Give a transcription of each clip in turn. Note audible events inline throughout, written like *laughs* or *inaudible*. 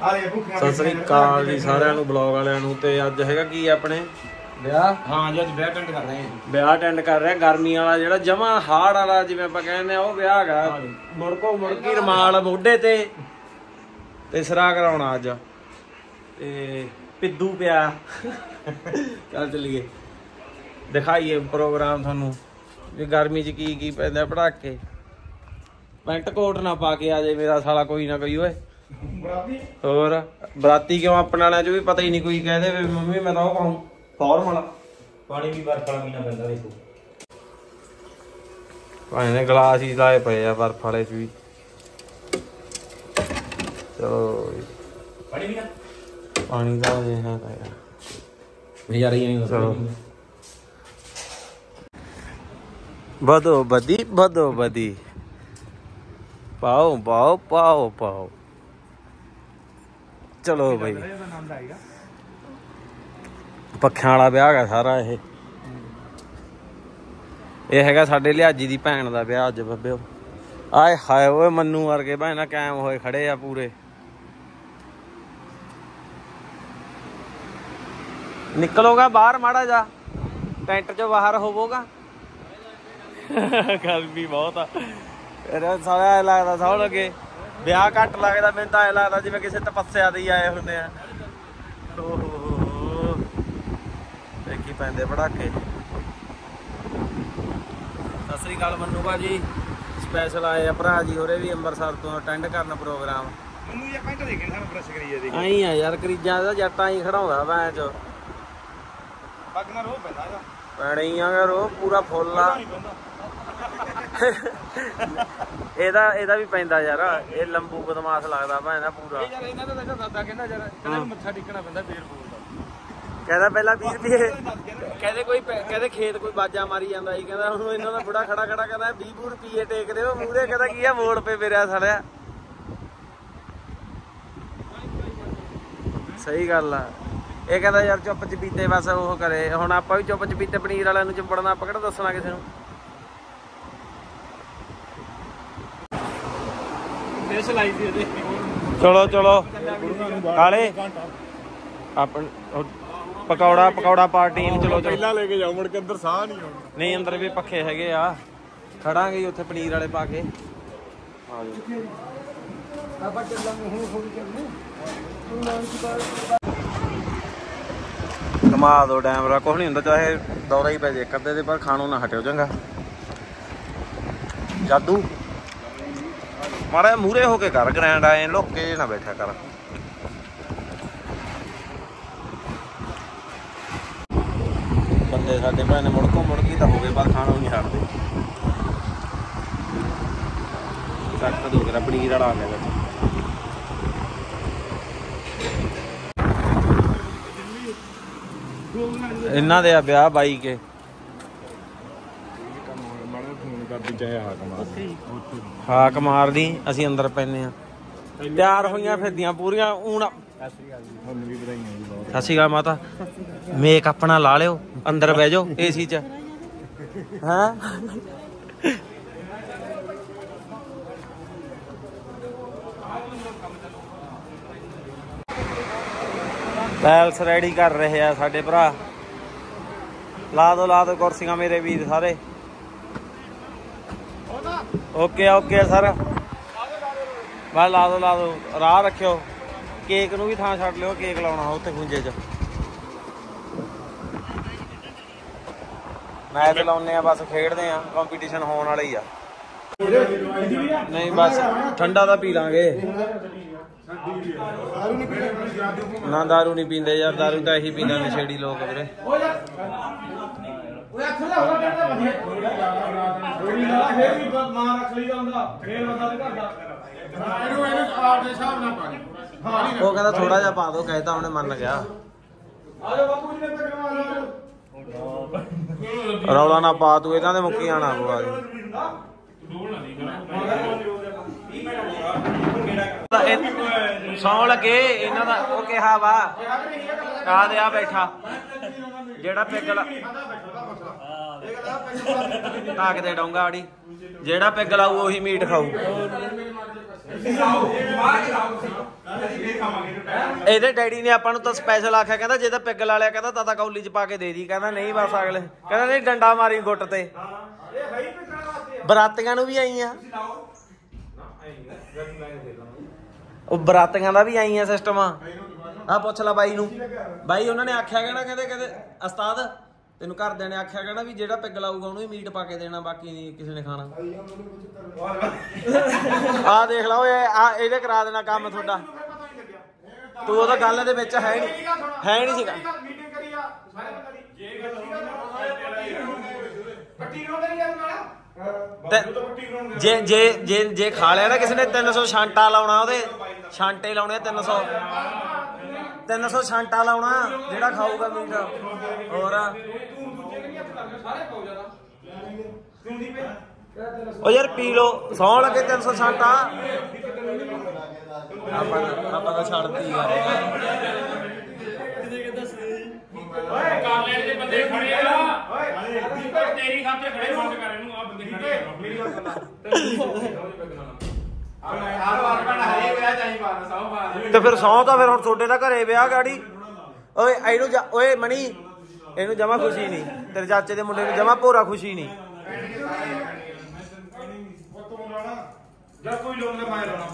ਸਤਿ ਸ੍ਰੀ ਅਕਾਲ ਜੀ ਸਾਰਿਆਂ ਨੂੰ ਬਲੌਗ ਵਾਲਿਆਂ ਨੂੰ ਤੇ ਅੱਜ ਹੈਗਾ ਕੀ ਆਪਣੇ ਵਿਆਹ ਹਾਂ ਜੀ ਅੱਜ ਵਿਆਹ ਅਟੈਂਡ ਕਰ ਰਹੇ ਹਾਂ ਵਿਆਹ ਅਟੈਂਡ ਕਰ ਰਹੇ ਹਾਂ ਗਰਮੀ ਵਾਲਾ ਜਿਹੜਾ ਜਮਾ ਹਾਰਡ ਵਾਲਾ ਜਿਵੇਂ ਆਪਾਂ ਕਹਿੰਦੇ ਆ ਉਹ ਵਿਆਹ ਹੈਗਾ ਮੁਰਕੋ ਮੁਰਕੀ ਰਮਾਲ ਮੋਢੇ ਤੇ ਤੇ ਸਰਾ ਕਰਾਉਣਾ ਅੱਜ ਤੇ ਪਿੱਦੂ ਪਿਆ ਚੱਲ ਚਲੀਏ ਦਿਖਾਈਏ ਪ੍ਰੋਗਰਾਮ ਤੁਹਾਨੂੰ ਵੀ ਗਰਮੀ 'ਚ ਕੀ ਕੀ ਪੈਂਦਾ ਪੜਾਕੇ ਪੈਂਟ ਕੋਟ ਨਾ ਪਾ ਕੇ ਆ ਜੇ ਮੇਰਾ ਸਾਲਾ ਕੋਈ ਨਾ ਕੋਈ ਓਏ ਹੋਰ ਬਰਾਤੀ ਕਿਉਂ ਵਾਲਾ ਜੋ ਵੀ ਪਤਾ ਹੀ ਨਹੀਂ ਕੋਈ ਕਹਦੇ ਵੀ ਮੰਮੀ ਮੈਂ ਤਾਂ ਉਹ ਪਾਉਂ ਫਾਰਮਲ ਪਾਣੀ ਵੀ ਬਰਫ ਵਾਲਾ ਪੀਣਾ ਪੈਂਦਾ ਦੇਖੋ ਭਾਈ ਨੇ ਗਲਾਸ ਹੀ ਲਾਏ ਪਏ ਆ ਬਰਫ ਵਾਲੇ ਚ ਵੀ ਚਲੋ ਪਾਣੀ ਨਾ ਪਾਣੀ ਦਾ ਇਹ ਹੈ ਤਾਂ ਯਾਰ ਆ ਰਹੀ ਨਹੀਂ ਚਲੋ ਬਦੋ ਬਦੀ ਬਦੋ ਬਦੀ ਪਾਓ ਪਾਓ ਪਾਓ ਪਾਓ ਚਲੋ ਭਾਈ ਪੱਖਿਆਂ ਵਾਲਾ ਵਿਆਹ ਹੈ ਸਾਰਾ ਇਹ ਇਹ ਹੈਗਾ ਸਾਡੇ ਲਿਆਜੀ ਦੀ ਭੈਣ ਦਾ ਵਿਆਹ ਅੱਜ ਬੱਬਿਓ ਆਏ ਹਾਏ ਓਏ ਮੰਨੂ ਵਰਗੇ ਭੈਣਾ ਕਾਇਮ ਹੋਏ ਖੜੇ ਆ ਪੂਰੇ ਨਿਕਲੋਗਾ ਬਾਹਰ ਮਾੜਾ ਜਾ ਟੈਂਟ ਚੋਂ ਬਾਹਰ ਹੋਵੋਗਾ ਗੱਲ ਵੀ ਬਹੁਤ ਆ ਇਹ ਸਾਰਾ ਲੱਗਦਾ ਸੌਣ ਲੱਗੇ ਵਿਆਹ ਘੱਟ ਲੱਗਦਾ ਮੈਨੂੰ ਤਾਂ ਐ ਲੱਗਦਾ ਜਿਵੇਂ ਕਿਸੇ ਤਪੱਸਿਆ ਦੇ ਹੀ ਆਏ ਹੁੰਦੇ ਆ ਓਹੋ ਹੀ ਪੈਂਦੇ ਪੜਾਕੇ ਸਤਿ ਸ੍ਰੀ ਅਕਾਲ ਮੰਨੂ ਭਾਜੀ ਸਪੈਸ਼ਲ ਆਏ ਆ ਭਰਾ ਜੀ ਹੋਰੇ ਵੀ ਅੰਮ੍ਰਿਤਸਰ ਤੋਂ ਅਟੈਂਡ ਕਰਨ ਪ੍ਰੋਗਰਾਮ ਮੈਨੂੰ ਇਹ ਪੈਂਟ ਦੇਖੇ ਕੇ ਸਾਨੂੰ ਕਰੀ ਕਰੀਏ ਦੇ ਆਈ ਆ ਯਾਰ ਕਰੀਜਾਂ ਦਾ ਜੱਟਾਂ ਹੀ ਖੜਾਉਂਦਾ ਮੈਂ ਚ ਪੱਗ ਨਾਲ ਰੋ ਪੈਂਦਾ ਆ ਪੈਣੀ ਆ ਰੋ ਪੂਰਾ ਫੁੱਲ ਆ ਇਹਦਾ ਇਹਦਾ ਵੀ ਪੈਂਦਾ ਯਾਰ ਇਹ ਲੰਬੂ ਬਦਮਾਸ਼ ਲੱਗਦਾ ਭਾਵੇਂ ਨਾ ਪੂਰਾ ਇਹ ਯਾਰ ਇਹਨਾਂ ਦਾ ਤਾਂ ਦਾਦਾ ਕਹਿੰਦਾ ਯਾਰ ਕਹਿੰਦਾ ਮੱਥਾ ਟਿਕਣਾ ਪੈਂਦਾ ਫੇਰ ਬੋਲਦਾ ਕਹਿੰਦਾ ਪਹਿਲਾਂ 20 ਰੁਪਏ ਕਹਿੰਦੇ ਕੋਈ ਕਹਿੰਦੇ ਖੇਤ ਕੋਈ ਬਾਜਾ ਮਾਰੀ ਜਾਂਦਾ ਸੀ ਕਹਿੰਦਾ ਹੁਣ ਇਹਨਾਂ ਦਾ ਬੁੜਾ ਖੜਾ ਖੜਾ ਕਹਿੰਦਾ 20 ਰੁਪਏ ਟੇਕ ਦਿਓ ਮੂਰੇ ਕਹਿੰਦਾ ਕੀ ਆ ਮੋੜ ਪੇ ਮੇਰਾ ਸਾਲਿਆ ਸਹੀ ਗੱਲ ਆ ਇਹ ਕਹਿੰਦਾ ਯਾਰ ਚੁੱਪ ਚਪੀਤੇ ਬਸ ਉਹ ਕਰੇ ਹੁਣ ਆਪਾਂ ਵੀ ਚੁੱਪ ਚਪੀਤੇ ਪਨੀਰ ਵਾਲਿਆਂ ਨੂੰ ਚੁੰਬੜਨਾ ਪਕੜ ਦੱਸਣਾ ਕਿਸੇ ਨੂੰ ਚਲੋ ਚਲੋ ਕਾਲੇ ਆਪਣ ਪਕੌੜਾ ਪਕੌੜਾ ਪਾਰਟੀ ਨੂੰ ਚਲੋ ਚਲੋ ਪਹਿਲਾਂ ਲੈ ਕੇ ਜਾਓ ਮੜ ਕੇ ਅੰਦਰ ਸਾਹ ਨਹੀਂ ਆਉਂਦਾ ਨਹੀਂ ਅੰਦਰ ਵੀ ਪੱਖੇ ਹੈਗੇ ਆ ਖੜਾਂਗੇ ਉੱਥੇ ਪਨੀਰ ਵਾਲੇ ਪਾ ਕੇ ਆ ਜੀ ਆਪਾਂ ਚੱਲਾਂਗੇ ਹੁਣ ਥੋੜੀ ਚੱਲਨੇ ਤੂੰ ਨਾਲ ਕੀ ਬਾਤ ਕਮਾ ਦੋ ਡੈਮਰਾ ਕੁਝ ਨਹੀਂ ਹੁੰਦਾ ਚਾਹੇ ਦੌਰਾ ਹੀ ਪੈ ਜੇ ਕਰਦੇ ਤੇ ਪਰ ਖਾਣੋਂ ਨਾ ਹਟਿਓ ਚੰਗਾ ਜਾਦੂ ਮਾਰੇ ਮੂਰੇ ਹੋ ਕੇ ਕਰ ਗ੍ਰੈਂਡ ਆਏ ਲੁੱਕ ਕੇ ਨਾ ਬੈਠਾ ਕਰ ਬੰਦੇ ਸਾਡੇ ਮੁੜ ਕੋ ਮੁੜ ਕੀ ਤਾਂ ਹੋ ਗਏ ਖਾਣਾ ਨਹੀਂ ਹਟਦੇ ਸਖਤ ਦੋ ਕੇ ਪਨੀਰ ਵਾਲਾ ਆ ਗਿਆ ਇਹਨਾਂ ਦੇ ਆ ਵਿਆਹ ਬਾਈ ਕੇ ਕਰਦੀ ਚਾਹੇ ਹਾਕ ਮਾਰਦੀ ਹਾਕ ਮਾਰਦੀ ਅਸੀਂ ਅੰਦਰ ਪੈਨੇ ਆ ਤਿਆਰ ਹੋਈਆਂ ਫਿਰਦੀਆਂ ਪੂਰੀਆਂ ਊਣ ਤੁਹਾਨੂੰ ਵੀ ਵਧਾਈਆਂ ਜੀ ਬਹੁਤ ਸਤਿ ਸ਼੍ਰੀ ਅਕਾਲ ਮਾਤਾ ਮੇਕ ਆਪਣਾ ਲਾ ਲਿਓ ਅੰਦਰ ਬਹਿ ਜਾਓ ਏਸੀ 'ਚ ਹਾਂ ਬੈਲਸ ਰੈਡੀ ਕਰ ਰਹੇ ਆ ਸਾਡੇ ਭਰਾ ਲਾ ਦੋ ਲਾ ਦੋ ਕੁਰਸੀਆਂ ਮੇਰੇ ਵੀਰ ਸਾਰੇ ਓਕੇ ਓਕੇ ਸਰ ਬਾਹਰ ਲਾ ਦੋ ਲਾ ਦੋ ਰਾਹ ਰੱਖਿਓ ਕੇਕ ਨੂੰ ਵੀ ਥਾਂ ਛੱਡ ਲਿਓ ਕੇਕ ਲਾਉਣਾ ਉੱਥੇ ਖੁੰਝੇ 'ਚ ਮੈਚ ਲਾਉਨੇ ਆ ਬਸ ਖੇਡਦੇ ਆ ਕੰਪੀਟੀਸ਼ਨ ਹੋਣ ਵਾਲਾ ਹੀ ਆ ਨਹੀਂ ਬਸ ਠੰਡਾ ਦਾ ਪੀ ਲਾਂਗੇ ਨਾ दारू ਨਹੀਂ ਪੀਂਦੇ ਯਾਰ दारू ਤਾਂ ਇਹੀ ਪੀਂਦੇ ਨਸ਼ੇੜੀ ਲੋਕ ਵੀਰੇ ਓਏ ਕਰਦਾ ਵਧੀਆ ਕੋਈ ਨਾ ਫੇਰ ਵੀ ਮਾਂ ਰੱਖ ਲਈ ਜਾਂਦਾ ਫੇਰ ਬੰਦਾ ਤੇ ਘਰ ਦਾ ਇਹਨੂੰ ਇਹਨੂੰ ਆਪ ਦੇ ਹਿਸਾਬ ਨਾਲ ਪਾ ਹਾਂ ਉਹ ਕਹਿੰਦਾ ਥੋੜਾ ਜਿਹਾ ਪਾ ਦੋ ਕਹਿਤਾ ਉਹਨੇ ਮੰਨ ਗਿਆ ਆ ਜਾ ਬਾਪੂ ਜੀ ਨੇ ਤਕਵਾ ਲਾ ਰੌਲਾ ਨਾ ਪਾ ਤੂੰ ਇਹਨਾਂ ਦੇ ਮੁੱਕੀ ਆਣਾ ਬੁਆ ਤੂੰ ਡੋਲ ਨਾ ਨਹੀਂ ਕਰਾ ਸੌਣ ਲੱਗੇ ਇਹਨਾਂ ਦਾ ਉਹ ਕਿਹਾ ਵਾ ਆ ਦੇ ਆ ਬੈਠਾ ਜਿਹੜਾ ਪਿੱਗ ਲਾ ਤਾਂ ਕਿਤੇ ਡੋਂਗਾ ਆੜੀ ਜਿਹੜਾ ਪਿੱਗ ਲਾਊ ਉਹੀ ਮੀਟ ਖਾਊ ਇਹਦੇ ਡੈਡੀ ਨੇ ਆਪਾਂ ਨੂੰ ਤਾਂ ਸਪੈਸ਼ਲ ਆਖਿਆ ਕਹਿੰਦਾ ਜੇ ਤਾਂ ਪਿੱਗ ਲਾ ਲਿਆ ਕਹਿੰਦਾ ਦਾਦਾ ਕੌਲੀ ਚ ਪਾ ਕੇ ਦੇ ਦੀ ਕਹਿੰਦਾ ਨਹੀਂ ਬਸ ਅਗਲੇ ਕਹਿੰਦਾ ਨਹੀਂ ਡੰਡਾ ਮਾਰੀ ਗੁੱਟ ਤੇ ਬਰਾਤੀਆਂ ਨੂੰ ਵੀ ਆਈਆਂ ਉਹ ਬਰਾਤੀਆਂ ਦਾ ਵੀ ਆਈ ਆ ਸਿਸਟਮ ਆ ਆ ਪੁੱਛ ਲੈ ਬਾਈ ਨੂੰ ਬਾਈ ਉਹਨਾਂ ਨੇ ਆਖਿਆ ਕਹਿਣਾ ਕਹਿੰਦੇ ਕਹਿੰਦੇ ਉਸਤਾਦ ਤੈਨੂੰ ਘਰ ਦੇਣੇ ਆਖਿਆ ਕਹਿਣਾ ਵੀ ਜਿਹੜਾ ਪਿੱਗ ਲਾਊਗਾ ਉਹਨੂੰ ਹੀ ਮੀਟ ਪਾ ਕੇ ਦੇਣਾ ਬਾਕੀ ਨਹੀਂ ਕਿਸੇ ਨੇ ਖਾਣਾ ਆ ਦੇਖ ਲਾ ਓਏ ਆ ਇਹਦੇ ਕਰਾ ਦੇਣਾ ਕੰਮ ਤੁਹਾਡਾ ਤੂੰ ਉਹਦਾ ਗੱਲ ਦੇ ਵਿੱਚ ਹੈ ਨਹੀਂ ਹੈ ਨਹੀਂ ਸੀਗਾ ਮੀਟਿੰਗ ਕਰੀ ਆ ਸਾਰੇ ਬੰਦੇ ਦੀ ਜੇ ਗੱਲ ਮਿੱਟੀ ਕਿਉਂ ਨਹੀਂ ਜਾਂਦਾ ਬਾਜੂ ਤਾਂ ਮਿੱਟੀ ਕਿਉਂ ਜੇ ਜੇ ਜੇ ਜੇ ਖਾ ਲਿਆ ਨਾ ਕਿਸੇ ਨੇ 300 ਛਾਂਟਾ ਲਾਉਣਾ ਉਹਦੇ ਛਾਂਟੇ ਲਾਉਣੇ 300 300 ਛਾਂਟਾ ਲਾਉਣਾ ਜਿਹੜਾ ਖਾਊਗਾ ਮੀਟ ਹੋਰ ਤੂੰ ਦੂਜੇ ਨਹੀਂ ਹੱਥ ਲੱਗ ਸਾਰੇ ਪਾਉ ਜਾਣਾ ਉਹ ਯਾਰ ਪੀ ਲੋ 100 ਲੱਗੇ 300 ਛਾਂਟਾ ਆਪਾਂ ਆਪਾਂ ਤਾਂ ਛੱਡਤੀ ਯਾਰ ਕਿਹਦੇ ਓਏ ਕਰ ਲੈਣ ਦੇ ਬੰਦੇ ਖੜੇ ਆ ਓਏ ਦੀਪਕ ਤੇਰੀ ਖਾਤੇ ਖੜੇ ਬੰਦ ਕਰ ਇਹਨੂੰ ਆ ਬੰਦੇ ਖੜੇ ਮੇਰੀ ਗੱਲ ਸੁਣ ਤੇ ਫਿਰ ਸੌ ਤਾਂ ਫਿਰ ਹੁਣ ਤੁਹਾਡੇ ਦਾ ਘਰੇ ਵਿਆਹ ਗਾੜੀ ਓਏ ਇਹਨੂੰ ਓਏ ਮਣੀ ਇਹਨੂੰ ਜਮਾ ਖੁਸ਼ੀ ਨਹੀਂ ਤੇਰੇ ਚਾਚੇ ਦੇ ਮੁੰਡੇ ਨੂੰ ਜਮਾ ਪੂਰਾ ਖੁਸ਼ੀ ਨਹੀਂ ਕੋਈ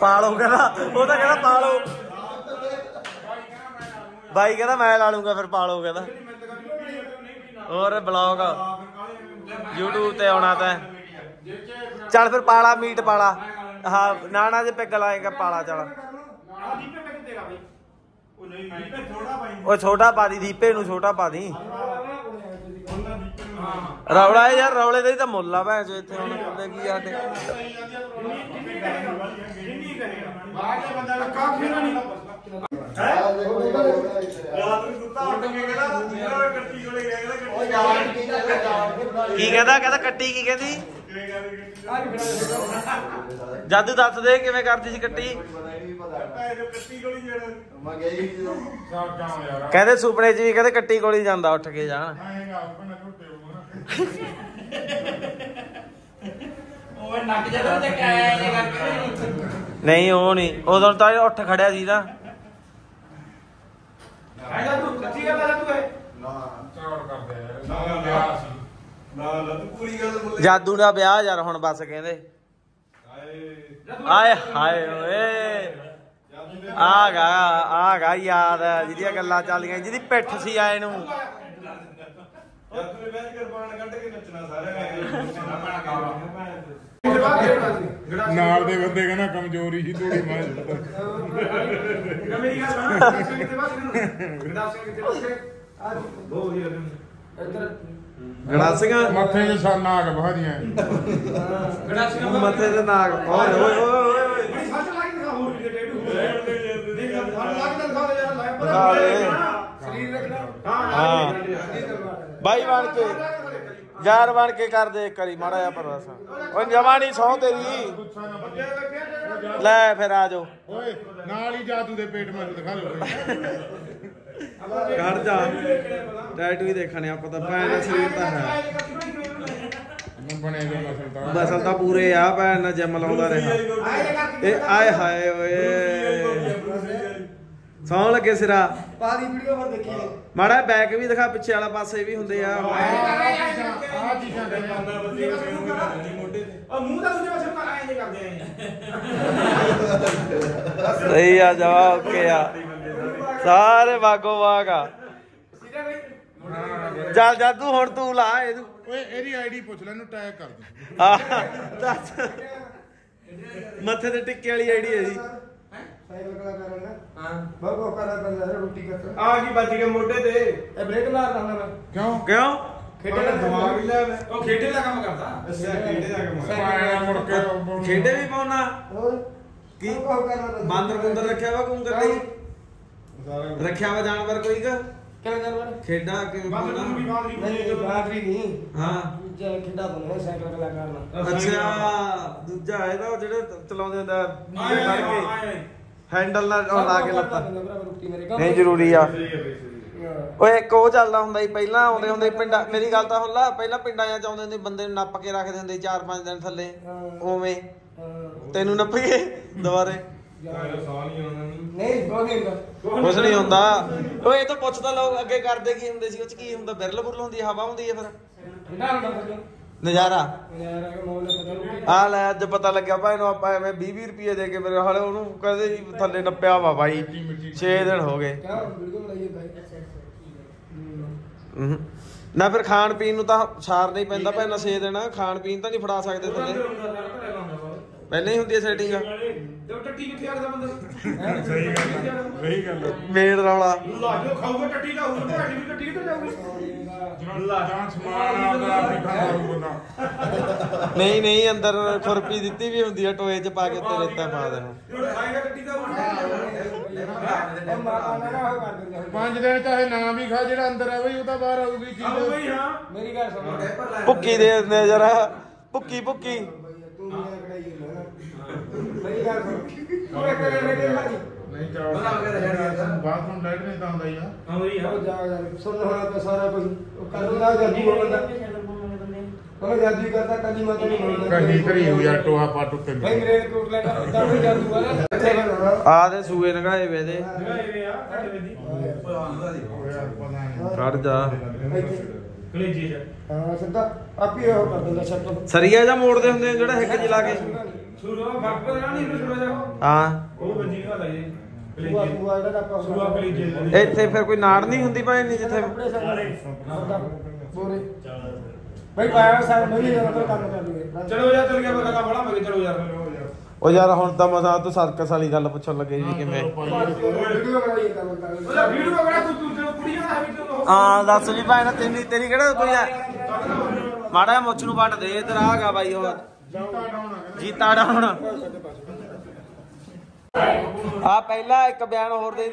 ਪਾਲੋ ਕਹਿੰਦਾ ਉਹ ਤਾਂ ਕਹਿੰਦਾ ਪਾਲੋ ਬਾਈ ਕਹਿੰਦਾ ਮੈਂ ਲਾ ਲੂੰਗਾ ਫਿਰ ਪਾ ਲਓ ਕਹਿੰਦਾ ਹੋਰ ਬਲੌਗ YouTube ਤੇ ਆਉਣਾ ਤਾਂ ਚੱਲ ਫਿਰ ਪਾਲਾ ਮੀਟ ਪਾਲਾ ਹਾਂ ਨਾ ਨਾ ਜੇ ਪੈਗ ਲਾਏਗਾ ਪਾਲਾ ਚੱਲ ਉਹ ਛੋਟਾ ਪਾ ਦੀ ਦੀਪੇ ਨੂੰ ਛੋਟਾ ਪਾ ਦੀ ਰੌਲਾ ਯਾਰ ਰੌਲੇ ਦਾ ਹੀ ਤਾਂ ਮੁੱਲ ਆ ਭੈ ਜੋ ਇੱਥੇ ਹੁਣ ਕਹਿੰਦੇ ਕੀ ਆ ਤੇ ਬਾਹਰ ਦਾ ਬੰਦਾ ਕਾਫੀ ਨਾ ਨਹੀਂ ਰਾਤ ਨੂੰ ਕੇ ਗਿਆ ਕੱਟੀ ਕੀ ਕਹਿੰਦਾ ਕਹਦਾ ਕੀ ਕੱਟੀ ਕੀ ਕਹਿੰਦੀ ਜਦ ਦੱਸ ਦੇ ਕਿਵੇਂ ਕਰਦੀ ਸੀ ਕੱਟੀ ਕਹਿੰਦੇ ਸੁਪਨੇ 'ਚ ਵੀ ਕਹਿੰਦੇ ਕੱਟੀ ਕੋਲੀ ਜਾਂਦਾ ਉੱਠ ਕੇ ਜਾਣ ਉਹ ਨੱਕ ਜਦੋਂ ਤੇ ਕਾਇਆ ਨਹੀਂ ਉਹ ਨਹੀਂ ਉਦੋਂ ਤਾਂ ਉੱਠ ਖੜਿਆ ਸੀ ਨਾ ਤੂੰ ਨਾ ਕਰਦੇ ਨਾ, ਨਾ। ਪੂਰੀ ਗੱਲ ਜਾਦੂ ਦਾ ਵਿਆਹ ਯਾਰ ਹੁਣ ਬਸ ਕਹਿੰਦੇ ਹਾਏ ਆਏ ਹਾਏ ਓਏ ਆ ਗਾ ਆ ਗਾ ਯਾਦ ਜਿਹਦੀਆਂ ਗੱਲਾਂ ਚੱਲੀਆਂ ਜਿਹਦੀ ਪਿੱਠ ਸੀ ਆਏ ਨੂੰ ਜਾਦੂ ਦੇ ਵਿੱਚ ਕਿਰਪਾਨ ਕੱਢ ਕੇ ਨੱਚਣਾ ਸਾਰਿਆਂ ਨੇ ਨੱਚਣਾ ਭੈਣ ਦਾ। ਨਾਲ ਦੇ ਬੰਦੇ ਕਹਿੰਦਾ ਕਮਜ਼ੋਰੀ ਸੀ ਥੋੜੀ ਮੈਂ ਮੇਰੀ ਗੱਲ ਸੁਣ ਗੜਾ ਸਿੰਘ ਕਿੱਥੇ ਬਸ ਗੜਾ ਸਿੰਘ ਕਿੱਥੇ ਬਸ ਆ ਬਹੁਤ ਵਧੀਆ ਇੱਧਰ ਗੜਾ ਸਿੰਘ ਮੱਥੇ ਤੇ ਸਾ ਨਾਗ ਬਹਾਰੀਆਂ ਗੜਾ ਸਿੰਘ ਮੱਥੇ 'ਤੇ ਨਾਗ ਓਏ ਓਏ ਓਏ ਓਏ ਬੜੀ ਸੱਚ ਲੱਗ ਦਿਖਾ ਹੋਰ ਜਿਹੜੇ ਡੇਢ ਹੋ ਰਿਹਾ ਨਹੀਂ ਲੱਗ ਦਿਖਾ ਯਾਰ ਲਾਈਵ ਪਰ ਸਰੀਰ ਰੱਖਣਾ ਹਾਂ ਹਾਂ ਬਾਈ ਬਣ ਕੇ ਯਾਰ ਬਣ ਕੇ ਕਰ ਦੇ ਕਰੀ ਮਾੜਾ ਜਿਹਾ ਪਰਵਾਸ ਓਏ ਜਵਾਨੀ ਸੌ ਤੇਰੀ ਲੈ ਫਿਰ ਆ ਜਾਓ ਓਏ ਨਾਲ ਹੀ ਜਾਦੂ ਦੇ ਪੇਟ ਮੈਨੂੰ ਦਿਖਾ ਦਿਓ ਘਰ ਜਾ ਟੈਟੂ ਹੀ ਦੇਖਣੇ ਆਪਾਂ ਤਾਂ ਭੈਣ ਦਾ ਸਰੀਰ ਤਾਂ ਹੈ ਮੈਂ ਬਣੇਗਾ ਮਸਲ ਤਾਂ ਪੂਰੇ ਆ ਭੈਣ ਨਾਲ ਜਮ ਲਾਉਂਦਾ ਰਿਹਾ ਇਹ ਆਏ ਹਾਏ ਓਏ ਸੌਣ ਲੱਗੇ ਸਿਰਾ ਪਾਦੀ ਵੀਡੀਓ ਫਿਰ ਦੇਖੀ ਮਾੜਾ ਬੈਕ ਵੀ ਦਿਖਾ ਪਿੱਛੇ ਵਾਲਾ ਪਾਸੇ ਵੀ ਹੁੰਦੇ ਆ ਆ ਚੀਜ਼ਾਂ ਦੇ ਮੰਨਦਾ ਬੰਦੇ ਮੋਢੇ ਤੇ ਆ ਮੂੰਹ ਤਾਂ ਦੂਜੇ ਪਾਸੇ ਕਰ ਆਏ ਕਰਦੇ ਆਏ ਸਹੀ ਆ ਜਵਾਬ ਓਕੇ ਆ ਸਾਰੇ ਵਾਗੋ ਵਾਗਾ ਜਲ ਜਾ ਤੂੰ ਹੁਣ ਤੂੰ ਲਾ ਇਹ ਓਏ ਇਹਦੀ ਆਈਡੀ ਪੁੱਛ ਲੈ ਇਹਨੂੰ ਟੈਗ ਕਰ ਦੇ ਆ ਦੱਸ ਮੱਥੇ ਤੇ ਟਿੱਕੇ ਵਾਲੀ ਆਈਡੀ ਹੈ ਜੀ ਹੈ ਸਾਈਕਲ ਕਲਾ ਕਰਨਾ ਹਾਂ ਬਹੁਤ ਬਹੁਤ ਕਰਦਾ ਬੰਦਾ ਯਾਰ ਰੋਟੀ ਕਰ ਆ ਕੀ ਵੱਜ ਗਿਆ ਮੋਢੇ ਤੇ ਇਹ ਬ੍ਰੇਕ ਮਾਰਦਾ ਹੁੰਦਾ ਮੈਂ ਕਿਉਂ ਕਿਉਂ ਖੇਡੇ ਦਾ ਦਿਮਾਗ ਹੀ ਲੈ ਉਹ ਖੇਡੇ ਦਾ ਕੰਮ ਕਰਦਾ ਅੱਛਾ ਖੇਡੇ ਦਾ ਕੰਮ ਕਰਦਾ ਮੁੜ ਕੇ ਖੇਡੇ ਵੀ ਪਾਉਣਾ ਹੋਰ ਕੀ ਬਾਂਦਰ ਬੰਦਰ ਰੱਖਿਆ ਵਾ ਕੂੰ ਕਰਦੇ ਰੱਖਿਆ ਵਾ ਜਾਨਵਰ ਕੋਈ ਕ ਕਿਹੜਾ ਜਾਨਵਰ ਖੇਡਾ ਕਿ ਬਾਂਦਰ ਵੀ ਬਾਂਦਰੀ ਨਹੀਂ ਬਾਂਦਰੀ ਨਹੀਂ ਹਾਂ ਜਿਹੜਾ ਖੇਡਾ ਤੋਂ ਸਾਈਕਲ ਕਲਾ ਕਰਨਾ ਅੱਛਾ ਦੂਜਾ ਇਹਦਾ ਜਿਹੜਾ ਚਲਾਉਂਦੇ ਹੁੰਦਾ ਆਏ ਆਏ ਹੈਂਡਲ ਨਾਲ ਉਹ ਲਾ ਕੇ ਲੱਤਾਂ ਮੇਰੇ ਨਹੀਂ ਜ਼ਰੂਰੀ ਆ ਓਏ ਇੱਕ ਉਹ ਚੱਲਦਾ ਹੁੰਦਾ ਸੀ ਪਹਿਲਾਂ ਆਉਂਦੇ ਹੁੰਦੇ ਪਿੰਡਾਂ ਮੇਰੀ ਗੱਲ ਤਾਂ ਹੁੱਲਾ ਪਹਿਲਾਂ ਪਿੰਡਾਂ 'ਚ ਆਉਂਦੇ ਹੁੰਦੇ ਬੰਦੇ ਨੂੰ ਨੱਪ ਕੇ ਰੱਖਦੇ ਹੁੰਦੇ 4-5 ਦਿਨ ਥੱਲੇ ਓਵੇਂ ਤੈਨੂੰ ਨੱਪ ਕੇ ਦੁਬਾਰੇ ਕੁਛ ਨਹੀਂ ਹੁੰਦਾ ਓਏ ਇਹ ਤਾਂ ਪੁੱਛਦਾ ਲੋਕ ਅੱਗੇ ਕਰਦੇ ਕੀ ਹੁੰਦੇ ਸੀ ਉਹ ਚ ਕੀ ਹੁੰਦਾ ਬਿਰਲ ਬੁਰਲ ਹੁੰਦੀ ਹਵਾ ਹੁੰਦੀ ਹੈ ਫਿਰ ਨਜ਼ਾਰਾ ਆ ਲੈ ਅੱਜ ਪਤਾ ਲੱਗਿਆ ਭਾਈ ਨੂੰ ਆਪਾਂ ਐਵੇਂ 20 20 ਰੁਪਏ ਦੇ ਕੇ ਮੇਰੇ ਹਾਲੇ ਉਹਨੂੰ ਕਦੇ ਜੀ ਥੱਲੇ ਨੱਪਿਆ ਵਾ ਬਾਈ 6 ਦਿਨ ਹੋ ਗਏ ਨਾ ਫਿਰ ਖਾਣ ਪੀਣ ਨੂੰ ਤਾਂ ਸਾਰ ਨਹੀਂ ਪੈਂਦਾ ਭਾਈ ਨਾ 6 ਦਿਨ ਖਾਣ ਪੀਣ ਤਾਂ ਨਹੀਂ ਫੜਾ ਸਕਦੇ ਥੱਲੇ ਪਹਿਲਾਂ ਹੀ ਹੁੰਦੀ ਹੈ ਸੈਟਿੰਗ ਤੇ ਟੱਟੀ ਕਿੱਥੇ ਆਖਦਾ ਬੰਦਾ ਸਹੀ ਗੱਲ ਸਹੀ ਗੱਲ ਮੇਨ ਰੌਲਾ ਲਾਜੋ ਖਾਊਗਾ ਟੱਟੀ ਦਾ ਤੇ ਅੱਜ ਵੀ ਟੱਟੀ ਕਿੱਥੇ ਜਾਊਗੀ ਜਾਂ ਸਮਾਨ ਆਪਦਾ ਆਪੇ ਖਾਊਗਾ ਬੰਦਾ ਨਹੀਂ ਨਹੀਂ ਅੰਦਰ ਖੁਰਪੀ ਦਿੱਤੀ ਵੀ ਹੁੰਦੀ ਹੈ ਟੋਏ 'ਚ ਪਾ ਕੇ ਤੇ ਰੇਤਾ ਪਾ ਦੇਣਾ ਖਾਏਗਾ ਟੱਟੀ ਦਾ ਪੰਜ ਦਿਨ ਚਾਹੇ ਨਾ ਵੀ ਖਾ ਜਿਹੜਾ ਅੰਦਰ ਹੈ ਬਈ ਉਹ ਤਾਂ ਬਾਹਰ ਆਊਗੀ ਚੀਜ਼ ਮੇਰੀ ਗੱਲ ਸੁਣੋ ਭੁੱਕੀ ਦੇ ਦਿੰਦੇ ਜਰਾ ਭੁੱਕੀ ਭੁੱਕੀ ਮੇਰੀ ਗੱਲ ਸੁਣ ਉਹ ਇੱਕ ਮੇਰੇ ਭਾਜੀ ਨਹੀਂ ਚਾਹ ਬਣਾ ਕੇ ਰਹਿਣਾ ਯਾਰ ਬਾਥਰੂਮ ਲਾਈਟ ਨਹੀਂ ਤਾਂ ਆਉਂਦਾ ਯਾਰ ਹਾਂ ਵੀ ਆ ਜਾ ਜਾ ਸੁਣ ਹੋਣਾ ਤਾਂ ਸਾਰਾ ਕੁਝ ਕਦੋਂ ਦਾ ਜਾਦੂ ਬੰਦਾ ਉਹ ਜਾਦੂ ਕਰਦਾ ਕਦੀ ਮਾਤਾ ਨਹੀਂ ਬੋਲਦਾ ਕਹੀ ਕਰੀ ਹੋ ਯਾਰ ਟੋਹਾ ਪਾਟ ਉੱਤੇ ਭਾਈ ਮੇਰੇ ਕੋਲ ਲੈਣਾ ਤਾਂ ਵੀ ਜਾਦੂ ਵਾਲਾ ਆ ਦੇ ਸੂਏ ਨਗਾਏ ਵੇ ਦੇ ਨਗਾਏ ਵੇ ਆ ਸਾਡੇ ਵੇ ਦੀ ਕੱਢ ਜਾ ਕਲੇਜੀ ਜਾ ਹਾਂ ਸਿੱਧਾ ਆਪੀ ਉਹ ਕਰ ਦਿੰਦਾ ਸੈਟ ਸਰੀਆ ਜਾਂ ਮੋੜਦੇ ਹੁੰਦੇ ਜਿਹੜਾ ਹਿੱਕ ਜਿ ਲਾ ਕੇ ਸੂਰਜ ਦਾ ਫਰਕ ਪਤਾ ਨਹੀਂ ਇਹਨੂੰ ਥੋੜਾ ਜਿਹਾ ਹਾਂ ਉਹ ਵੱਜੀ ਘਾਲ ਹੈ ਜੀ ਸੂਆ ਪਲੇਜੇ ਸੂਆ ਜਿਹੜਾ ਆਪਾਂ ਸੂਆ ਪਲੇਜੇ ਦਾ ਇੱਥੇ ਫਿਰ ਕੋਈ ਨਾੜ ਨਹੀਂ ਹੁੰਦੀ ਭਾਈ ਨਹੀਂ ਜਿੱਥੇ ਕੱਪੜੇ ਸਾਰੇ ਬੋਰੇ ਬਈ ਪਾਇਆ ਸਰ ਨਹੀਂ ਜਦੋਂ ਕੰਮ ਕਰ ਲਈਏ ਚਲੋ ਯਾਰ ਚਲ ਗਿਆ ਬੰਦਾ ਕਹਤਾ ਬੜਾ ਮੈਂ ਚਲੋ ਯਾਰ ਉਹ ਯਾਰ ਹੁਣ ਤਾਂ ਮਸਾ ਤੂੰ ਸਰਕਸ ਵਾਲੀ ਗੱਲ ਪੁੱਛਣ ਲੱਗੇ ਜੀ ਕਿਵੇਂ ਉਹ ਬਣਾਈ ਵੀਡੀਓ ਬਣਾ ਤੂੰ ਤੂੰ ਜਿਹੜਾ ਕੁੜੀਆਂ ਦਾ ਵੀਡੀਓ ਹਾਂ ਦੱਸ ਜੀ ਭਾਈ ਨਾ ਤੇਰੀ ਤੇਰੀ ਕਿਹੜਾ ਕੋਈ ਆ ਮਾੜਾ ਮੁੱਛ ਨੂੰ ਵੱਟ ਦੇ ਇਧਰ ਆਗਾ ਬਾਈ ਉਹ ਜੀਤਾ ਡਾਉਣ ਆ ਪਹਿਲਾ ਇੱਕ ਬਿਆਨ ਹੋਰ ਦੇ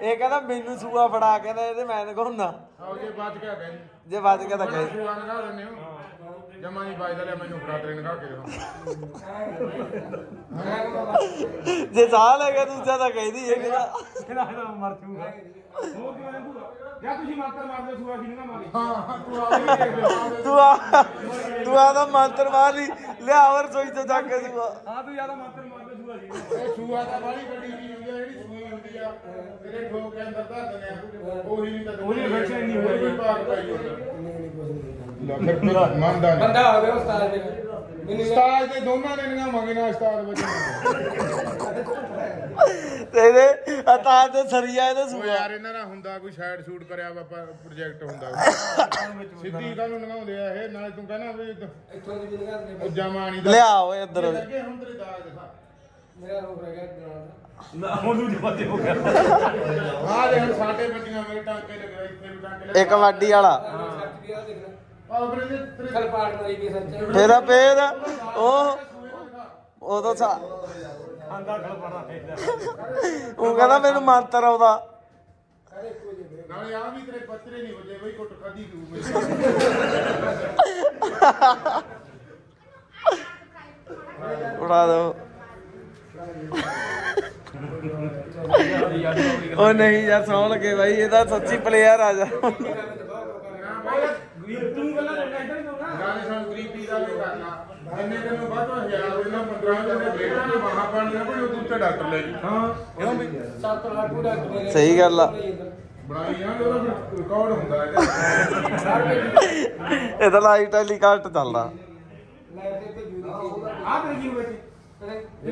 ਇਹ ਕਹਿੰਦਾ ਮੈਨੂੰ ਸੂਆ ਫੜਾ ਕਹਿੰਦਾ ਇਹਦੇ ਮੈਂ ਕੋ ਘੁੰਨਾ ਜੇ ਵੱਜ ਗਿਆ ਜੇ ਵੱਜ ਗਿਆ ਤਾਂ ਕਹੇ ਜਮਾ ਨਹੀਂ ਬਾਜਦਾ ਲਿਆ ਮੈਨੂੰ ਬਰਾਦਰੀ ਨਗਾ ਕੇ ਦਿਖਾ ਜੇ ਸਾਹ ਹੈਗਾ ਦੂਜਾ ਤਾਂ ਕਹਿਦੀ ਇਹ ਕਿਹਦਾ ਕਿਹਦਾ ਮਰ ਚੂਗਾ ਉਹ ਕਿਉਂ ਨਹੀਂ ਜਾਂ ਤੁਸੀਂ ਮੰਤਰ ਮਾਰਦੇ ਸੂਆ ਸੀ ਨਾ ਮਾਰੀ ਹਾਂ ਤੂੰ ਆ ਤੂੰ ਆ ਤੂੰ ਆ ਦਾ ਮੰਤਰ ਮਾਰ ਲਿਆ ਹੋਰ ਸੋਈ ਤੇ ਜਾ ਕੇ ਸੂਆ ਹਾਂ ਤੂੰ ਦਾ ਮੰਤਰ ਮਾਰਦੇ ਸੂਆ ਸੀ ਇਹ ਸੂਆ ਤਾਂ ਬਾਲੀ ਗੱਡੀ ਦੀ ਹੁੰਦੀ ਆ ਜਿਹੜੀ ਸੂਈ ਹੁੰਦੀ ਆ ਤੇਰੇ ਠੋਕ ਦੇ ਅੰਦਰ ਧਰ ਦਿੰਦੇ ਆ ਉਹੀ ਨਹੀਂ ਤਾਂ ਉਹੀ ਫੈਕਸ਼ਨ ਨਹੀਂ ਹੋਈ ਭਾਗ ਪਾਈ ਨਹੀਂ ਨਹੀਂ ਕੁਝ ਨਹੀਂ ਲੈ ਫਿਰ ਮੇਰਾ ਮੰਨਦਾ ਨਹੀਂ ਬੰਦਾ ਹੋਵੇ ਉਸਤਾਦ ਮੇਰਾ ਮੈਨੂੰ ਉਸਤਾਦ ਦੇ ਦੋਨਾਂ ਨੇ ਨਾ ਮੰਗੇ ਨਾ ਉਸਤਾਦ ਵਜੋਂ ਤੇ ਇਹਦੇ ਆ ਤੇ ਸਰੀਆ ਇਹਦੇ ਸੁਆ ਯਾਰ ਇਹਨਾਂ ਨਾਲ ਹੁੰਦਾ ਕੋਈ ਸਾਈਡ ਸ਼ੂਟ ਕਰਿਆ ਵਾ ਪ੍ਰੋਜੈਕਟ ਹੁੰਦਾ ਵਾ। ਸਿੱਧੀ ਨੂੰ ਨਵਾਉਂਦੇ ਆ ਇਹ ਨਾਲੇ ਤੂੰ ਕਹਿੰਦਾ ਵੀ ਇੱਥੋਂ ਦੀ ਜਿੰਨਾ ਉਹ ਮਾਣੀ ਦਾ ਲਿਆ ਓਏ ਇੱਧਰ ਲੱਗੇ ਹੁਣ ਤੇਰੇ ਦਾਗ ਦਿਖਾ ਮੇਰਾ ਰੋਗ ਰਹਿ ਗਿਆ ਦਿਮਾਗ ਦਾ। ਨਾ ਉਹਨੂੰ ਜਵਾਬ ਦੇ ਹੋ ਗਿਆ ਆ ਦੇਖ ਸਾਡੇ ਬੱਚੀਆਂ ਮੇਰੇ ਟਾਂਕੇ ਲਗਾਈ ਇੱਥੇ ਵੀ ਟਾਂਕੇ ਲਗਾਏ। ਇੱਕ ਵੱਡੀ ਵਾਲਾ ਹਾਂ ਸੱਚ ਵੀ ਆ ਦੇਖ ਚੱਲ ਪਾੜ ਮਾਰੀ ਤੇਰਾ ਪੇਰ ਉਹ ਉਦੋਂ ਸਾ ਆਂਦਾ ਖਲਪੜਾ ਉਹ ਕਹਿੰਦਾ ਮੈਨੂੰ ਮੰਤਰ ਆਉਦਾ ਨਾਲੇ ਆ ਵੀ ਤੇਰੇ ਬੱਤਰੇ ਨਹੀਂ ਬਈ ਕੁੱਟ ਖਾਦੀ ਉਡਾ ਦੋ ਉਹ ਨਹੀਂ ਯਾਰ ਸੌਣ ਲੱਗੇ ਬਾਈ ਇਹਦਾ ਸੱਚੀ ਪਲੇਅਰ ਆ ਜਾ ਗਰੀਬ ਤੂੰ ਪਹਿਲਾਂ ਲੈਣਾ ਇੱਧਰ ਨਾ ਗਰੀਬੀ ਦਾ ਵੀ ਕਰਨਾ ਜਿੰਨੇ ਤੈਨੂੰ ਵੱਧ ਤੋਂ ਹਜ਼ਾਰ ਉਹਨਾਂ 15 ਦੇ ਬੇਟਾ ਨੂੰ ਮਹਾਪਾਣੀ ਕੋਈ ਦੂਜੇ ਡਾਕਟਰ ਲੈ ਜੀ ਹਾਂ ਕਿਉਂ ਵੀ 7 8 ਡਾਕਟਰ ਸਹੀ ਗੱਲ ਆ ਬਣਾਈ ਜਾਂਦੇ ਉਹਦਾ ਰਿਕਾਰਡ ਹੁੰਦਾ ਹੈ ਇਹਦਾ ਲਾਈਵ ਟੈਲੀਕਾਸਟ ਚੱਲਦਾ ਲਾਈਵ ਤੇ ਜੂਰੀ ਆ ਤੇ ਜੀ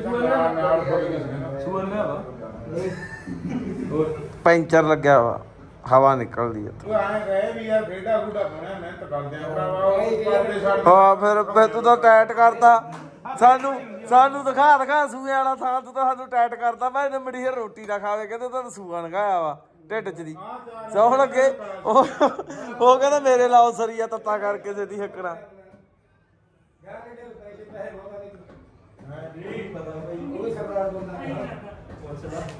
ਪੈਂਚਰ ਲੱਗਿਆ ਵਾ ਹਵਾ ਨਿਕਲਦੀ ਹੈ ਤੂੰ ਐਂ ਕਹੇ ਵੀ ਯਾਰ ਖੇਡਾ ਖੂਡਾ ਮੈਂ ਮਿਹਨਤ ਕਰਦੇ ਆ ਹਾਂ ਫਿਰ ਫਿਰ ਤੂੰ ਤਾਂ ਟਾਈਟ ਕਰਤਾ ਸਾਨੂੰ ਸਾਨੂੰ ਦਿਖਾ ਦਿਖਾ ਸੂਏ ਵਾਲਾ ਥਾਂ ਤੂੰ ਤਾਂ ਸਾਨੂੰ ਟਾਈਟ ਕਰਤਾ ਭਾਈ ਨੇ ਮੜੀ ਰੋਟੀ ਨਾ ਖਾਵੇ ਕਹਿੰਦੇ ਤਾਂ ਸੂਆ ਨਗਾਇਆ ਵਾ ਢਿੱਡ ਚ ਦੀ ਸੋਹਣ ਅੱਗੇ ਉਹ ਉਹ ਕਹਿੰਦਾ ਮੇਰੇ ਲਾਓ ਸਰੀਆ ਤੱਤਾ ਕਰਕੇ ਸਿੱਧੀ ਹੱਕਣਾ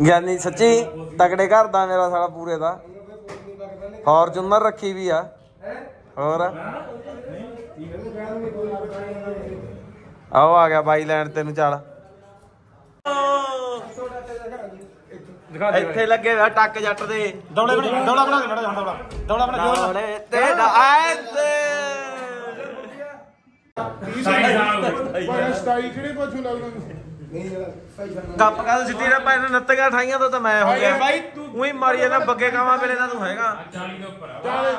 ਗਿਆਨੀ ਸੱਚੀ ਤਕੜੇ ਘਰ ਦਾ ਮੇਰਾ ਸਾਲਾ ਪੂਰੇ ਦਾ ਜੁੰਨਰ ਰੱਖੀ ਵੀ ਆ ਹੋਰ ਆਓ ਆ ਗਿਆ ਬਾਈ ਲੈਣ ਤੈਨੂੰ ਚੱਲ ਇੱਥੇ ਲੱਗੇ ਆ ਟੱਕ ਜੱਟ ਦੇ ਦੌੜਾ ਬਣਾ ਦੌੜਾ ਬਣਾ ਕੇ ਦੌੜਾ ਬਣਾ ਦੌੜਾ ਬਣਾ ਦੌੜੇ ਤੇ ਆਏ ਤੇ ਸਾਈ ਸਾਈ ਕਿਹੜੇ ਪਾਸੋਂ ਲੱਗਦਾ ਨਹੀਂ ਯਾਰ ਭਾਈ ਸਾਨੂੰ ਗੱਪ ਕਰ ਸਿੱਧੀ ਨਾ ਭਾਈ ਨੇ ਨੱਤਗਾ ਠਾਈਆਂ ਤਾਂ ਮੈਂ ਹੋ ਗਿਆ ਭਾਈ ਤੂੰ ਉਹੀ ਮਾਰੀ ਜਾਂਦਾ ਬੱਗੇ ਕਾਵਾ ਵੇਲੇ ਦਾ ਤੂੰ ਹੈਗਾ 40 ਦੇ ਉੱਪਰ ਆ ਚੱਲ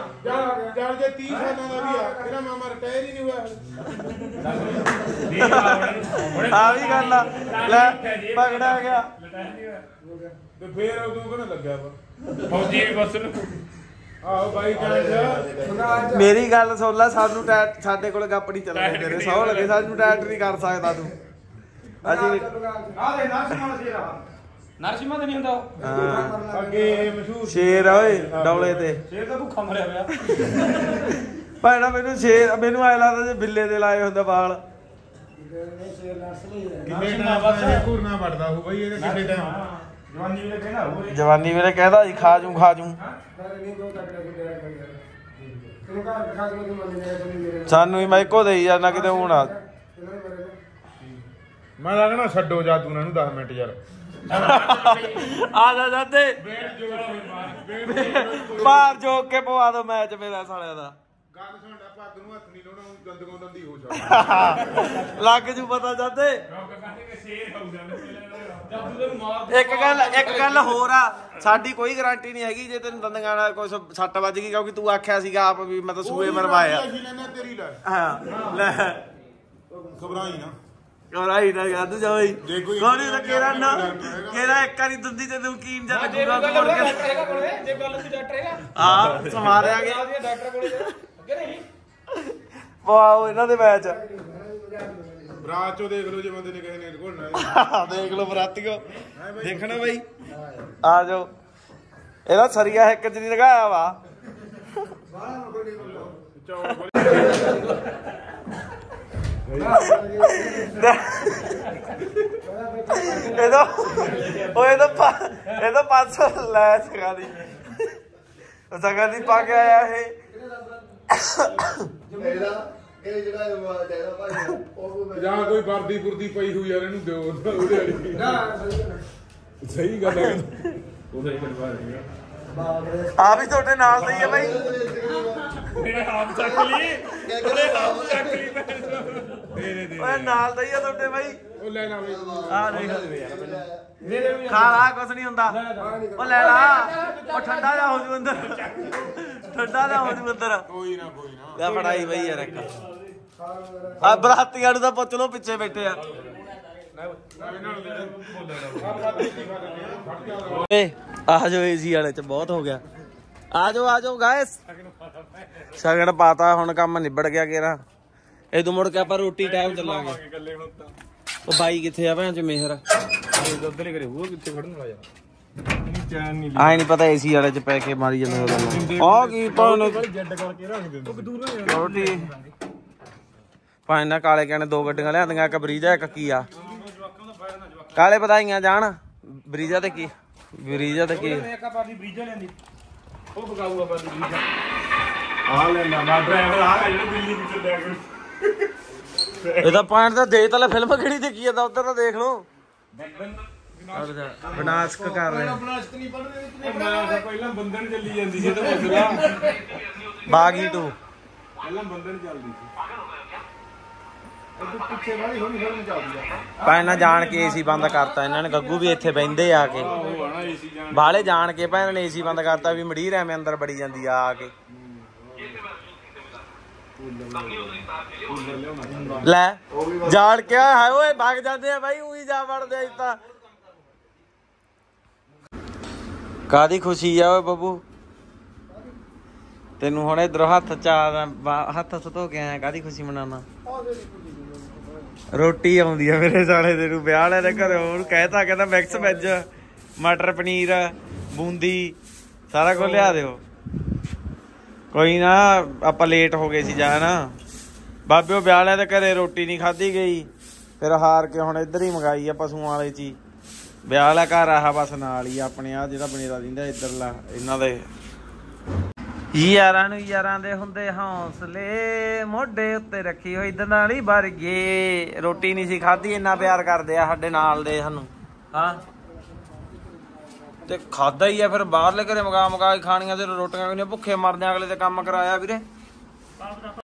ਚੱਲ ਜੇ 30 ਸਾਲਾਂ ਦਾ ਵੀ ਆ ਇਹਦਾ ਮਾਮਾ ਰਿਟਾਇਰ ਹੀ ਨਹੀਂ ਹੋਇਆ ਆ ਵੀ ਗੱਲ ਆ ਲੈ ਪਗੜਾ ਗਿਆ ਤੇ ਫੇਰ ਉਹ ਤੂੰ ਕਹਿੰਦਾ ਲੱਗਿਆ ਪਰ ਫੌਜੀ ਵੀ ਬਸ ਨੂੰ ਆਹੋ ਬਾਈ ਮੇਰੀ ਗੱਲ ਸੁਣ ਲੈ ਸਾਨੂੰ ਸਾਡੇ ਕੋਲ ਗੱਪ ਨਹੀਂ ਚੱਲਦੀ ਤੇਰੇ ਸੌ ਲੱਗੇ ਸਾਨੂੰ ਟੈਟ ਨਹੀਂ ਕਰ ਸਕਦਾ ਤੂੰ ਅਜੀ ਆ ਦੇ ਨਰਸਿਮਾ ਸੀ ਰਹਾ ਨਰਸਿਮਾ ਤੇ ਨਹੀਂ ਹੁੰਦਾ ਉਹ ਅੱਗੇ ਮਸ਼ਹੂਰ ਸ਼ੇਰ ਆ ਓਏ ਡੌਲੇ ਤੇ ਸ਼ੇਰ ਤਾਂ ਭੁੱਖਾ ਮਰਿਆ ਪਿਆ ਭੈਣਾ ਮੈਨੂੰ ਸ਼ੇਰ ਮੈਨੂੰ ਐ ਲੱਗਦਾ ਜੇ ਬਿੱਲੇ ਦੇ ਲਾਏ ਹੁੰਦੇ ਵਾਲ ਕਿੰਨੇ ਟਾਈਮ ਬਾਅਦ ਘੁਰਨਾ ਵੱਡਦਾ ਹੋ ਬਈ ਇਹਦੇ ਕਿੰਨੇ ਟਾਈਮ ਜਵਾਨੀ ਵੇਲੇ ਕਹਿੰਦਾ ਹੋਵੇ ਜਵਾਨੀ ਵੇਲੇ ਕਹਿੰਦਾ ਜੀ ਖਾ ਜੂ ਖਾ ਜੂ ਸਾਨੂੰ ਹੀ ਮਾਈਕੋ ਦੇਈ ਨਾ ਕਿਤੇ ਹੁਣ ਮੈਂ ਲੱਗਣਾ ਛੱਡੋ ਜਾ ਨਾ ਇਹਨੂੰ 10 ਮਿੰਟ ਯਾਰ ਆ ਜਾ ਜਾਂਦੇ ਬਾਹਰ ਜੋ ਕੇ ਪਵਾ ਦੋ ਮੈਚ ਮੇਰਾ ਸਾਲਿਆਂ ਦਾ ਗੱਲ ਸੁਣ ਲੈ ਪੱਗ ਨੂੰ ਹੱਥ ਨਹੀਂ ਲਾਉਣਾ ਉਹ ਗੰਦਗੋਂ ਦੰਦੀ ਹੋ ਜਾਣਾ ਲੱਗ ਜੂ ਪਤਾ ਜਾਂਦੇ ਇੱਕ ਗੱਲ ਇੱਕ ਗੱਲ ਹੋਰ ਆ ਸਾਡੀ ਕੋਈ ਗਾਰੰਟੀ ਨਹੀਂ ਹੈਗੀ ਜੇ ਤੈਨੂੰ ਦੰਦਾਂ ਨਾਲ ਕੋਈ ਸੱਟ ਵੱਜ ਗਈ ਕਿਉਂਕਿ ਤੂੰ ਆਖਿਆ ਸੀਗਾ ਆਪ ਵੀ ਮੈਂ ਤਾਂ ਸੂਏ ਮਰਵਾਇਆ ਹਾਂ ਲੈ ਖਬਰਾਂ ਹੀ ਨਾ ਕਰਾਈ ਨਾ ਗੱਦ ਜਾਈ ਕੋਣੀ ਦਾ ਕੇਰਾ ਨਾ ਕੇਰਾ ਇੱਕ ਵਾਰੀ ਦੰਦੀ ਤੇ ਨਮਕੀਨ ਜਾਂ ਲੱਗੂਗਾ ਮੋੜ ਕੇ ਜੇ ਗੱਲ ਸੀ ਡਾਕਟਰ ਹੈਗਾ ਆ ਸਮਾਰਿਆ ਗਿਆ ਡਾਕਟਰ ਕੋਲ ਅੱਗੇ ਨਹੀਂ ਵਾਓ ਇਹਨਾਂ ਦੇ ਮੈਚ ਬਰਾਚੋ ਦੇਖ ਲਓ ਜੇ ਬੰਦੇ ਨੇ ਕਿਸੇ ਨੇ ਘੋਲਣਾ *laughs* ਦੇਖ ਲਓ ਬਰਾਤੀਓ ਦੇਖਣਾ ਬਾਈ ਆ ਜਾਓ ਇਹਦਾ ਸਰੀਆ ਇੱਕ ਚ ਲਗਾਇਆ ਵਾ ਬਾਹਰ ਕੋਈ ਨਹੀਂ ਚੌਕ ਇਹਦਾ ਉਹ ਇਹਦਾ ਇਹਦਾ 500 ਲੈ ਸਕਾ ਦੀ ਉਹ ਸਕਾ ਦੀ ਪਾ ਕੇ ਆਇਆ ਇਹ ਜਿਹੜਾ ਇਹ ਜਿਹੜਾ ਚਾਹੀਦਾ ਉਹ ਜਾਂ ਕੋਈ ਵਰਦੀ ਪੁਰਦੀ ਪਈ ਹੋਈ ਯਾਰ ਇਹਨੂੰ ਦਿਓ ਉਹਦੇ ਵਾਲੀ ਨਾ ਸਹੀ ਗੱਲ ਹੈ ਉਹਦਾ ਹੀ ਕਰਵਾ ਦੇਗਾ ਆ ਤੁਹਾਡੇ ਨਾਲ ਸਹੀ ਹੈ ਬਾਈ ਮੇਰੇ ਆਪ ਚੱਕ ਲਈ ਮੇਰੇ ਆਪ ਚੱਕ ਲਈ ਓਏ ਨਾਲ ਦਾ ਹੀ ਆ ਤੁਹਾਡੇ ਬਾਈ ਉਹ ਲੈ ਨਾ ਬਈ ਆ ਦੇਖ ਮੇਰੇ ਵੀ ਖਾ ਲਾ ਕੁਛ ਨਹੀਂ ਹੁੰਦਾ ਉਹ ਲੈ ਲਾ ਉਹ ਠੰਡਾ ਜਾ ਹੋ ਜੂ ਅੰਦਰ ਠੰਡਾ ਜਾ ਹੋ ਜੂ ਅੰਦਰ ਕੋਈ ਨਾ ਕੋਈ ਨਾ ਆ ਫੜਾਈ ਬਈ ਯਾਰ ਇੱਕ ਆ ਬਰਾਤੀਆਂ ਨੂੰ ਤਾਂ ਪੁੱਛ ਲੋ ਪਿੱਛੇ ਬੈਠੇ ਆ ਓਏ ਆ ਜੋ ਏਸੀ ਵਾਲੇ ਚ ਬਹੁਤ ਹੋ ਗਿਆ ਆ ਜਾਓ ਆ ਜਾਓ ਗਾਇਸ ਸਗਣ ਪਾਤਾ ਹੁਣ ਕੰਮ ਨਿਬੜ ਗਿਆ ਕੇਰਾ ਇਦੋਂ ਮੁੜ ਕੇ ਆਪਾਂ ਰੋਟੀ ਟਾਈਮ ਚੱਲਾਂਗੇ ਇਕੱਲੇ ਉਹ ਬਾਈ ਕਿੱਥੇ ਆ ਭੈਣ ਮੇਹਰ ਮਿਹਰ ਉਹ ਕਿੱਥੇ ਖੜਨ ਵਾਲਾ ਯਾਰ ਆਏ ਨਹੀਂ ਪਤਾ ਏਸੀ ਵਾਲੇ ਚ ਪੈ ਕੇ ਮਾਰੀ ਜਾਂਦਾ ਉਹ ਕੀ ਪਾਉਣ ਜੱਡ ਕਰਕੇ ਰੱਖ ਦਿੰਦੇ ਉਹ ਰੋਟੀ ਪੰਜ ਕਾਲੇ ਕਹਿੰਦੇ ਦੋ ਗੱਡੀਆਂ ਲਿਆਂਦੀਆਂ ਇੱਕ ਬਰੀਜਾ ਇੱਕ ਕੀ ਆ ਕਾਲੇ ਪਤਾਈਆਂ ਜਾਣ ਬਰੀਜਾ ਤੇ ਕੀ ਬਰੀਜਾ ਤੇ ਕੀ ਇੱਕ ਆਪਾਂ ਬਰੀਜਾ ਲੈਂਦੀ ਉਹ ਬਗਾਊ ਆਪਾਂ ਦੀ ਬਰੀਜਾ ਆ ਲੈਣਾ ਮਾ ਡਰਾਈਵਰ ਆ ਜਿਹੜਾ ਬਿੱਲੀ ਵਿੱਚ ਲੈ ਕੇ ਇਹ ਤਾਂ ਪੁਆਇੰਟ ਤਾਂ ਦੇਖ ਤਾਂ ਲੈ ਫਿਲਮ ਕਿਹੜੀ ਦੇਖੀ ਜਾਂਦਾ ਉਧਰ ਤਾਂ ਦੇਖ ਲਓ ਵਿਨਾਸ਼ਕ ਕਰ ਰਹੇ ਪਹਿਲਾਂ ਚੱਲੀ ਜਾਂਦੀ ਸੀ ਤਾਂ ਬਾਗੀ ਟੂ ਪਹਿਲਾਂ ਚੱਲਦੀ ਸੀ ਪਿੱਛੇ ਵਾਲੀ ਹੋਣੀ ਚੱਲਦੀ ਨਾ ਜਾਣ ਕੇ ਏਸੀ ਬੰਦ ਕਰਤਾ ਇਹਨਾਂ ਨੇ ਗੱਗੂ ਵੀ ਇੱਥੇ ਬੈੰਦੇ ਆ ਕੇ ਬਾਹਲੇ ਜਾਣ ਕੇ ਪਹਿਲਾਂ ਨੇ ਏਸੀ ਬੰਦ ਕਰਤਾ ਵੀ ਮੜੀਰ ਐਵੇਂ ਅੰਦਰ ਬੜੀ ਜਾਂਦੀ ਆ ਆ ਕੇ ਲੈ ਜਾਣ ਕੇ ਹਾਏ ਓਏ ਭੱਗ ਜਾਂਦੇ ਆ ਬਾਈ ਉਹੀ ਜਾ ਵੜਦੇ ਅਜ ਤਾਂ ਕਾਦੀ ਖੁਸ਼ੀ ਆ ਓਏ ਬੱਬੂ ਤੈਨੂੰ ਹੁਣ ਇਧਰ ਹੱਥ ਚਾ ਹੱਥ ਸਤੋ ਕੇ ਆਇਆ ਕਾਦੀ ਖੁਸ਼ੀ ਮਨਾਉਣਾ ਰੋਟੀ ਆਉਂਦੀ ਆ ਮੇਰੇ ਸਾਲੇ ਦੇ ਵਿਆਹ ਲੈ ਦੇ ਘਰੇ ਹੋਰ ਕਹਿਤਾ ਕਹਿੰਦਾ ਮਿਕਸ ਵੈਜ ਮਟਰ ਪਨੀਰ ਬੂੰਦੀ ਸਾਰਾ ਕੁਝ ਲਿਆ ਦਿਓ ਕੋਈ ਨਾ ਆਪਾਂ ਲੇਟ ਹੋ ਗਏ ਸੀ ਜਾਣਾ ਨਾ ਬਾਬਿਓ ਵਿਆਹ ਤੇ ਘਰੇ ਰੋਟੀ ਨਹੀਂ ਖਾਧੀ ਗਈ ਫਿਰ ਹਾਰ ਕੇ ਹੁਣ ਇੱਧਰ ਹੀ ਮੰਗਾਈ ਆ ਪਸ਼ੂਆਂ ਵਾਲੇ ਚੀ ਵਿਆਹ ਘਰ ਆਹਾ ਬਸ ਨਾਲ ਹੀ ਆਪਣੇ ਆ ਜਿਹੜਾ ਬਣੇਰਾ ਦਿੰਦਾ ਇੱਧਰਲਾ ਇਹਨਾਂ ਦੇ ਯਾਰਾਂ ਨੂੰ ਯਾਰਾਂ ਦੇ ਹੁੰਦੇ ਹੌਸਲੇ ਮੋਢੇ ਉੱਤੇ ਰੱਖੀ ਹੋਈ ਹੀ ਵਰਗੇ ਰੋਟੀ ਨਹੀਂ ਸੀ ਖਾਧੀ ਇੰਨਾ ਪਿਆਰ ਕਰਦੇ ਆ ਸਾਡੇ ਨਾਲ ਦੇ ਸਾਨੂੰ ਹਾਂ ਤੇ ਖਾਦਾ ਹੀ ਆ ਫਿਰ ਬਾਹਰਲੇ ਘਰੇ ਮਗਾ ਮਗਾ ਕੇ ਖਾਣੀਆਂ ਤੇ ਰੋਟੀਆਂ ਵੀ ਨਹੀਂ ਭੁੱਖੇ ਮਰਦੇ ਆ ਅਗਲੇ ਤੇ ਕੰਮ ਕਰਾਇਆ ਵੀਰੇ